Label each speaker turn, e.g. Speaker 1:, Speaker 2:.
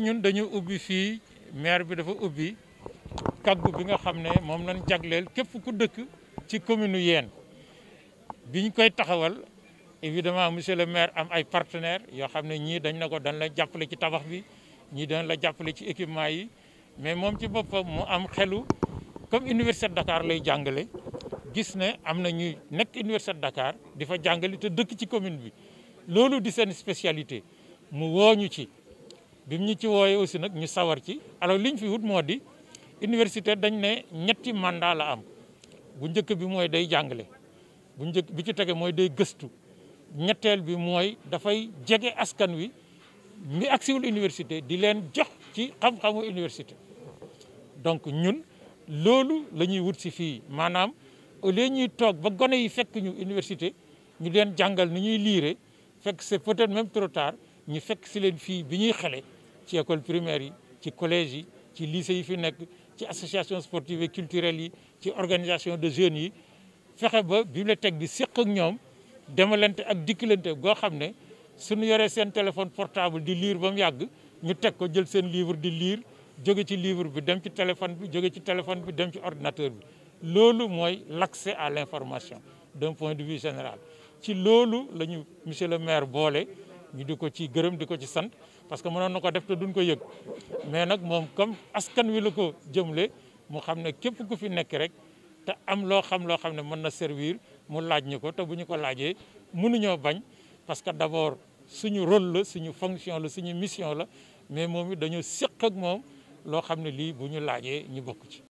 Speaker 1: ñun dañu ubbi fi maire bi dafa ubbi kàggu bi nga xamné mom moom jaglél jagleel képp ku dëkk ci commune yeen biñ koy taxawal évidemment monsieur le maire am ay partenaires yo xamné ñi dañ na ko dañ la jappalé ci tabax bi ñi dañ la jappalé ci équipement yi mais mom ci bopam mu am xelu comme université Dakar lay jàngalé gis né am na ñuy nekk université Dakar difa fa jàngale te dëkk ci commune bi lolu di sen spécialité mu woñu ci bi ñu ci wooyee aussi nag ñu sawar ci alors li ñu fi wut moo di université dañ ne ñetti mandat la am bu njëkk bi mooy day jàngale bu njëkk bi ci tege mooy day gëstu ñetteel bi mooy dafay jege askan wi mi agsiwul université di leen jox ci xam-xamu université donc ñun loolu la ñuy wut si fii maanaam au ñuy toog ba gone yi fekk ñu université ñu leen jàngal ni ñuy liire fekk c'est peut-être même trop ñu fekk si leen fii bi ñuy xale ci école primaire yi ci collège yi ci lycée yi fi nekk ci association sportive et culturelle yi ci organisation de jeunes yi fexe ba bibliothèque bi séq ak ñoom demalante ak dikkalante goo xam ne suñu yoree seen téléphone portable di lire ba mu yàgg ñu teg ko jël seen livre di lire jóge ci livre bi dem ci téléphone bi jóge ci téléphone bi dem ci ordinateur bi loolu mooy l'accès à l'information d'un point de vue général ci loolu la ñu monsieur le maire boole ñu di ko ci gërëm di ko ci sant parce que mënoon na ko def te duñ ko yëg mais nag moom comme askan wi la ko jëmle mu xam ne képp ku fi nekk rek te am loo xam loo xam ne mën na servir mu laaj ñu ko te bu ñu ko laajee munu ñoo bañ parce que d'abord suñu rôle la suñu fonction la suñu mission la mais moom it dañoo séq ak moom loo xam ne lii bu ñu laajee ñu bokk
Speaker 2: ci